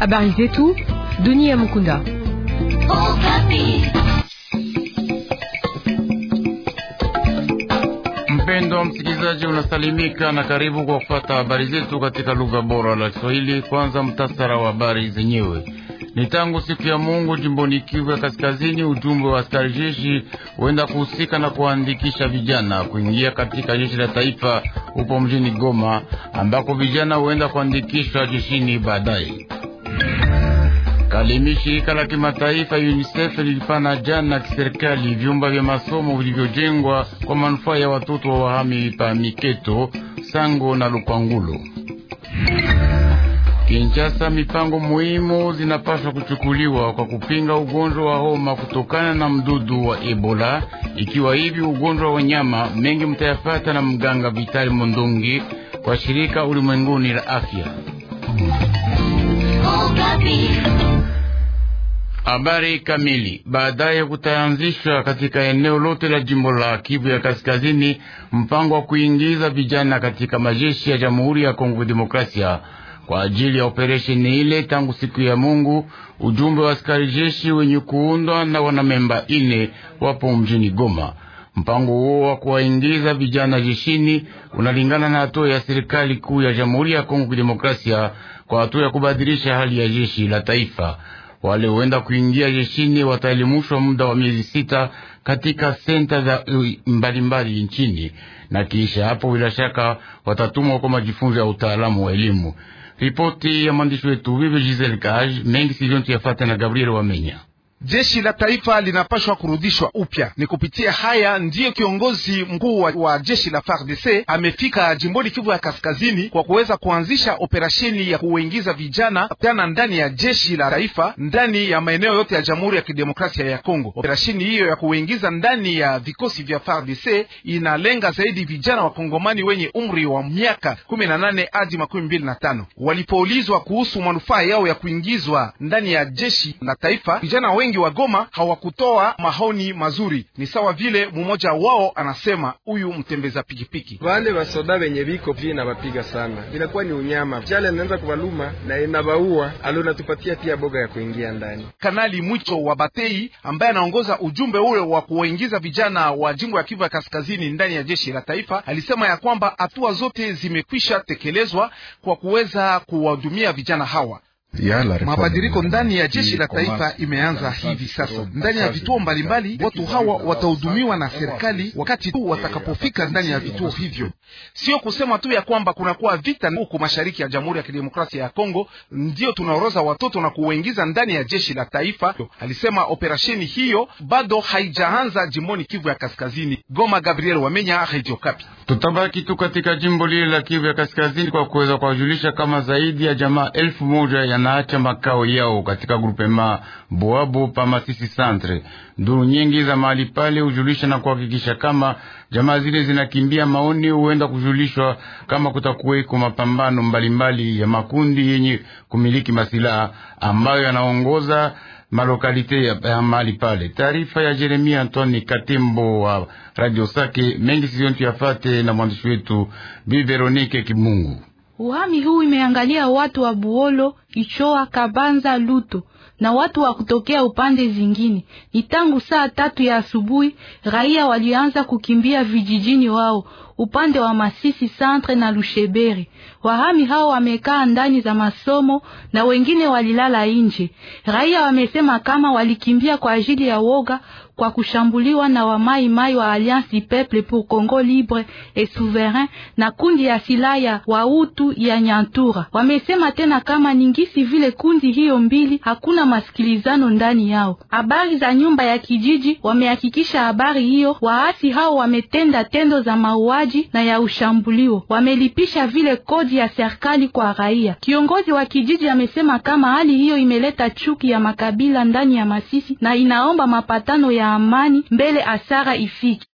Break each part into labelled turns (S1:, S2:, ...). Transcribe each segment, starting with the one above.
S1: Habari zetu Denis ya Mukunda.
S2: wa msikilizaji, unasalimika na karibu kwa kufata habari zetu katika lugha bora la Kiswahili. Kwanza mtasara wa habari zenyewe. Ni tangu siku ya Mungu jimboni Kivu ya Kaskazini, ujumbe wa askari jeshi huenda kuhusika na kuandikisha vijana kuingia katika jeshi la taifa upo mjini Goma, ambako vijana huenda kuandikishwa jeshini baadaye. Kalemi, shirika la kimataifa UNICEF lilipana jana kiserikali vyumba vya masomo vilivyojengwa kwa manufaa ya watoto wa wahami pa Miketo, Sango na Lukwangulo. Kinshasa, mipango muhimu zinapaswa kuchukuliwa kwa kupinga ugonjwa wa homa kutokana na mdudu wa Ebola. Ikiwa hivi ugonjwa wa nyama mengi mtayafata na mganga Vitali mundungi kwa shirika ulimwenguni la afya. Habari kamili baadaye. Kutaanzishwa katika eneo lote la jimbo la Kivu ya Kaskazini mpango wa kuingiza vijana katika majeshi ya Jamhuri ya Kongo Demokrasia kwa ajili ya operesheni ile tangu siku ya Mungu. Ujumbe wa askari jeshi wenye kuundwa na wanamemba ine wapo mjini Goma. Mpango huo wa kuwaingiza vijana jeshini unalingana na hatua ya serikali kuu ya Jamhuri ya Kongo Kidemokrasia kwa hatua ya kubadilisha hali ya jeshi la taifa. Wale huenda kuingia jeshini wataelimishwa muda wa miezi sita katika senta za uh, mbalimbali nchini, na kisha hapo bila shaka watatumwa kwa majifunzo ya utaalamu wa elimu. Ripoti ya mwandishi wetu Vive Giselle Kaj Mengi Siliontu yafata na Gabriel Wamenya
S3: jeshi la taifa linapashwa kurudishwa upya. Ni kupitia haya ndiyo kiongozi mkuu wa, wa jeshi la FARDC amefika jimboni Kivu ya Kaskazini kwa kuweza kuanzisha operasheni ya kuingiza vijana tena ndani ya jeshi la taifa ndani ya maeneo yote ya Jamhuri ya Kidemokrasia ya Kongo. Operasheni hiyo ya kuingiza ndani ya vikosi vya FARDC inalenga zaidi vijana wa Kongomani wenye umri wa miaka 18 hadi 25. Walipoulizwa kuhusu manufaa yao ya kuingizwa ndani ya jeshi la taifa, vijana wengi wengi wa Goma hawakutoa maoni mazuri. Ni sawa vile mmoja wao anasema, huyu mtembeza pikipiki, wale wasoda wenye viko vile nawapiga sana, inakuwa ni unyama jale, anaanza kuwaluma na inabaua alo, natupatia pia boga ya kuingia ndani. Kanali Mwicho wa Batei ambaye anaongoza ujumbe ule wa kuwaingiza vijana wa jimbo ya Kivu ya kaskazini ndani ya jeshi la taifa alisema ya kwamba hatua zote zimekwisha tekelezwa kwa kuweza kuwahudumia vijana hawa. Mabadiliko ndani ya jeshi la taifa imeanza hivi sasa. Ndani ya vituo mbalimbali, watu hawa watahudumiwa na serikali wakati tu watakapofika ndani ya vituo hivyo. Sio kusema tu ya kwamba kunakuwa vita huku mashariki ya Jamhuri ya Kidemokrasia ya Kongo, ndio tunaoroza watoto na kuwaingiza ndani ya jeshi la taifa, alisema. Operasheni hiyo bado haijaanza jimboni Kivu ya Kaskazini.
S2: Goma, Gabriel Wamenya, Radio Okapi. Tutabaki tu katika jimbo lile la Kivu ya Kaskazini kwa kuweza kuwajulisha kama zaidi ya jamaa elfu moja ya wanaacha makao yao katika grupema boabo pa Masisi Centre. Nduru nyingi za mahali pale hujulisha na kuhakikisha kama jamaa zile zinakimbia. Maoni huenda kujulishwa kama kutakuweko mapambano mbalimbali mbali ya makundi yenye kumiliki masilaha ambayo yanaongoza malokalite ya mahali pale. Taarifa ya Jeremia Antoni Katembo wa Radio Sake mengi sizontu yafate na mwandishi wetu Bi Veronike Kimungu.
S4: Uhami huu imeangalia watu wa Buolo, Ichoa, Kabanza, Luto na watu wa kutokea upande zingine. Ni tangu saa tatu ya asubuhi raia walianza kukimbia vijijini wao upande wa Masisi Centre na lusheberi Wahami hao wamekaa ndani za masomo na wengine walilala nje. Raia wamesema kama walikimbia kwa ajili ya woga kwa kushambuliwa na wamaimai wa Alliance Peuple pour Congo Libre et Souverain na kundi ya silaha ya wautu ya Nyantura. Wamesema tena kama ningisi vile kundi hiyo mbili hakuna masikilizano ndani yao. Habari za nyumba ya kijiji wamehakikisha habari hiyo. Waasi hao wametenda tendo za mauaji na ya ushambulio, wamelipisha vile kodi ya serikali kwa raia. Kiongozi wa kijiji amesema kama hali hiyo imeleta chuki ya makabila ndani ya Masisi na inaomba mapatano ya ya amani mbele asara ifike.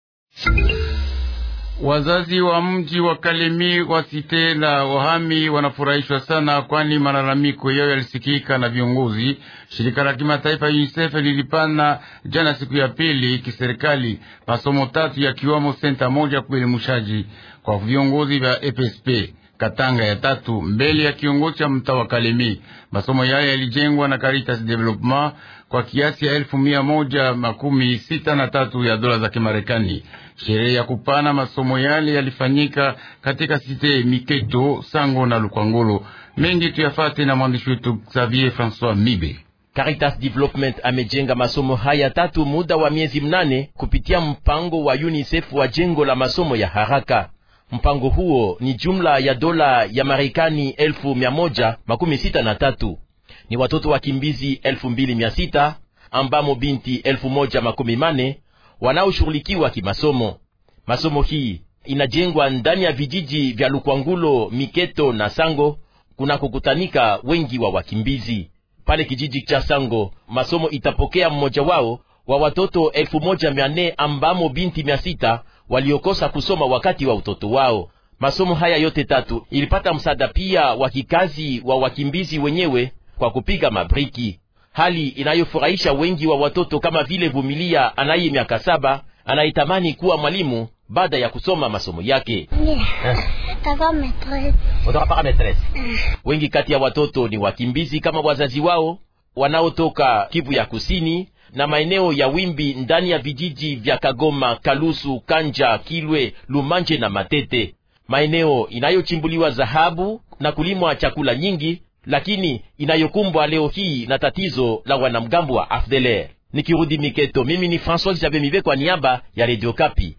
S2: Wazazi wa mji wa Kalemi wa site la wahami wanafurahishwa sana, kwani malalamiko yao yalisikika na viongozi. Shirika la kimataifa UNICEF lilipana jana siku ya pili kiserikali masomo tatu ya kiwamo senta moja ya kuelimushaji kwa viongozi vya EPSP Katanga ya tatu mbele ya kiongozi cha mtaa wa Kalemi. Masomo yayo yalijengwa na Caritas Development kwa kiasi ya elfu mia moja makumi sita na tatu ya dola za Kimarekani. Sherehe ya kupana masomo yale yalifanyika katika site Miketo, Sango na Lukwangolo. Mengi tuyafate na mwandishi wetu Xavier Francois Mibe.
S5: Caritas Development amejenga masomo haya tatu muda wa miezi mnane kupitia mpango wa UNICEF wa jengo la masomo ya haraka. Mpango huo ni jumla ya dola ya Marekani elfu mia moja makumi sita na tatu ni watoto wakimbizi elfu mbili ambamo binti elfu wanaoshughulikiwa kimasomo. Masomo hii inajengwa ndani ya vijiji vya Lukwangulo, Miketo na Sango kuna kukutanika wengi wa wakimbizi pale kijiji cha Sango. Masomo itapokea mmoja wao wa watoto 1400 ambamo binti 600 waliokosa kusoma wakati wa utoto wao. Masomo haya yote tatu ilipata msaada pia wa kikazi wa wakimbizi wenyewe kwa kupiga mabriki, hali inayofurahisha wengi wa watoto kama vile Vumilia anaye miaka saba anayetamani kuwa mwalimu baada ya kusoma masomo yake. Mm. Wengi kati ya watoto ni wakimbizi kama wazazi wao wanaotoka Kivu ya Kusini na maeneo ya wimbi ndani ya vijiji vya Kagoma, Kalusu, Kanja, Kilwe, Lumanje na Matete, maeneo inayochimbuliwa dhahabu na kulimwa chakula nyingi lakini inayokumbwa leo hii na tatizo la wanamgambo wa AFDLR. Nikirudi Miketo, mimi ni François Xavier Mibe kwa niaba ya Radio Kapi.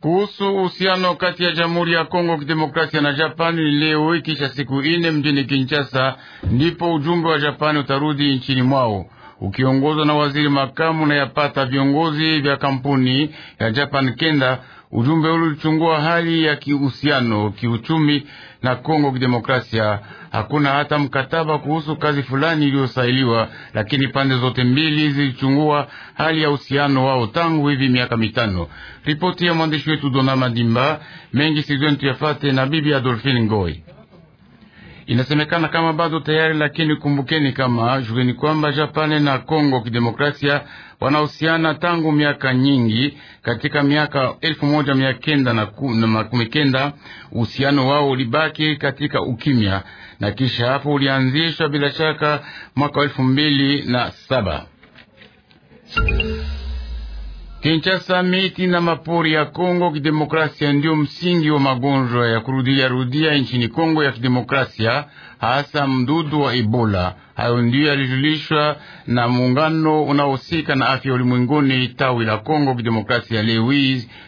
S2: Kuhusu uhusiano kati ya Jamhuri ya Kongo Kidemokrasia na Japani, leo ikisha siku ine mjini Kinshasa, ndipo ujumbe wa Japani utarudi nchini mwao ukiongozwa na waziri makamu na yapata viongozi vya kampuni ya Japan Kenda Ujumbe ule ulichungua hali ya kihusiano kiuchumi na Kongo Kidemokrasia. Hakuna hata mkataba kuhusu kazi fulani iliyosailiwa, lakini pande zote mbili zilichungua hali ya uhusiano wao tangu hivi miaka mitano. Ripoti ya mwandishi wetu Dona Madimba mengi sizwentu tuyafate na bibi Adolfine Ngoi. Inasemekana kama bado tayari, lakini kumbukeni kama jueni kwamba Japani na Kongo Kidemokrasia wanahusiana tangu miaka nyingi. Katika miaka elfu moja mia kenda na makumi kenda uhusiano wao ulibaki katika ukimya, na kisha hapo ulianzishwa bila shaka mwaka elfu mbili na saba. Kinshasa, miti na mapori ya Kongo Kidemokrasia ndiyo msingi wa magonjwa ya kurudia rudia nchini Kongo ya Kidemokrasia, hasa mdudu wa Ebola. Hayo ndio yalijulishwa na muungano unaohusika na afya ulimwenguni tawi la Kongo Kidemokrasia leo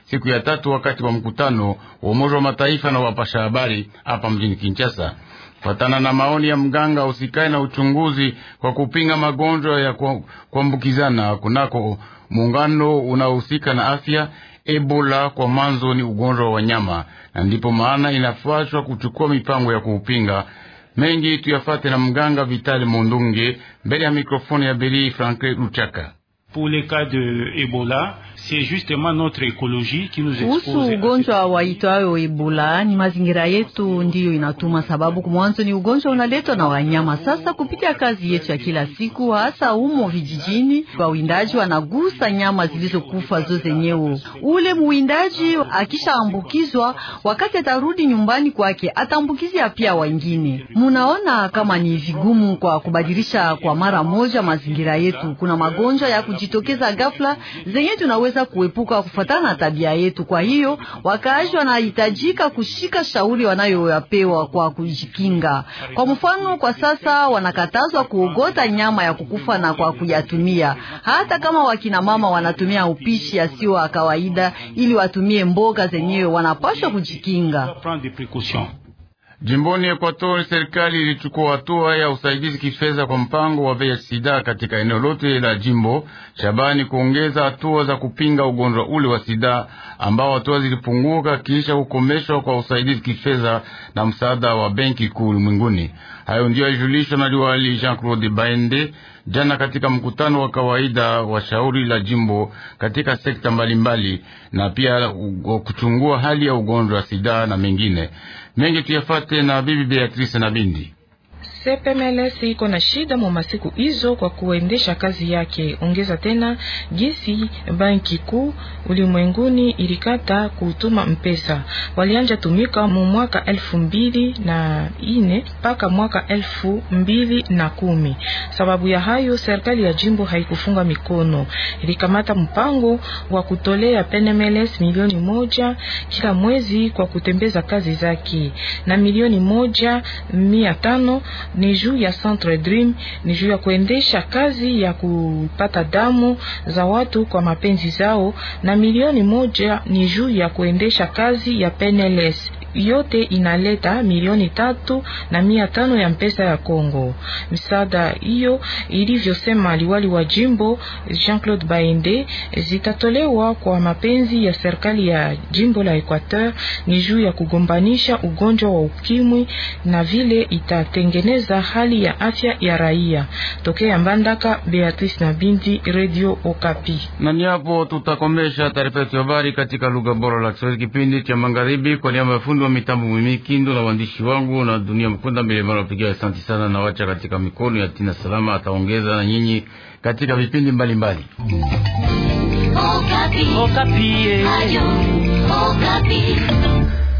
S2: siku ya tatu, wakati wa mkutano wa Umoja wa Mataifa na wapasha habari hapa mjini Kinshasa fatana na maoni ya mganga usikae na uchunguzi kwa kupinga magonjwa ya kuambukizana kunako muungano unaohusika na afya, Ebola kwa mwanzo ni ugonjwa wa wanyama, na ndipo maana inafashwa kuchukua mipango ya kuupinga. Mengi tuyafate na mganga Vitali Mundunge mbele ya mikrofoni ya Beli Frank Luchaka. Pour les cas de Ebola, c'est justement notre écologie qui nous expose. Kuhusu
S4: ugonjwa waitwayo Ebola, ni mazingira yetu ndiyo inatuma, sababu mwanzo ni ugonjwa unaletwa na wanyama. Sasa kupitia kazi yetu ya kila siku, hasa humo vijijini, wawindaji wanagusa nyama zilizokufa zo zenyewe. Ule muwindaji akishaambukizwa, wakati atarudi nyumbani kwake, ataambukizia pia wengine. Munaona kama ni vigumu kwa kubadilisha kwa mara moja mazingira yetu. Kuna magonjwa ya kuj zinazojitokeza ghafla zenye tunaweza kuepuka kufuatana na tabia yetu. Kwa hiyo wakaaji wanahitajika kushika shauri wanayoyapewa kwa kujikinga. Kwa mfano, kwa sasa wanakatazwa kuogota nyama ya kukufa na kwa kuyatumia, hata kama wakina mama wanatumia upishi asio wa kawaida ili watumie mboga zenyewe, wanapaswa kujikinga.
S2: Jimboni Ekwatori, serikali ilichukua hatua ya usaidizi kifedha kwa mpango wa VIH/SIDA katika eneo lote la jimbo Shabani, kuongeza hatua za kupinga ugonjwa ule wa SIDA ambao hatua zilipunguka kisha kukomeshwa kwa usaidizi kifedha na msaada wa benki kuu ulimwenguni. Hayo ndiyo yalijulishwa na liwali Jean Claude Baende jana katika mkutano wa kawaida wa shauri la jimbo katika sekta mbalimbali mbali, na pia kuchungua hali ya ugonjwa wa SIDA na mengine mengi tuyafate na bibi Beatrice na bindi
S1: CPMLS iko na shida mwa masiku hizo kwa kuendesha kazi yake. Ongeza tena gisi banki kuu ulimwenguni ilikata kutuma mpesa, walianja tumika mu mwaka elfu mbili na ine mpaka mwaka elfu mbili na kumi. Sababu ya hayo serikali ya jimbo haikufunga mikono, ilikamata mpango wa kutolea PNMLS milioni moja kila mwezi kwa kutembeza kazi zake na milioni moja mia tano ni juu ya Centre Dream, ni juu ya kuendesha kazi ya kupata damu za watu kwa mapenzi zao, na milioni moja ni juu ya kuendesha kazi ya PNLS yote inaleta milioni tatu na mia tano ya mpesa ya Kongo. Misaada hiyo ilivyosema liwali wa jimbo Jean-Claude Baende zitatolewa kwa mapenzi ya serikali ya jimbo la Equateur, ni juu ya kugombanisha ugonjwa wa ukimwi na vile itatengeneza hali ya afya ya raia. Tokea Mbandaka, Beatrice na Bindi, Radio Okapi.
S2: Na ni hapo tutakomesha taarifa ya habari katika lugha bora la Kiswahili, kipindi cha magharibi, kwa niaba ya fundi fundi wa mitambo mimi Kindo na waandishi wangu na dunia mkunda mbele mara pigia. Asante sana na wacha katika mikono ya Tina Salama, ataongeza na nyinyi katika vipindi mbalimbali mbali.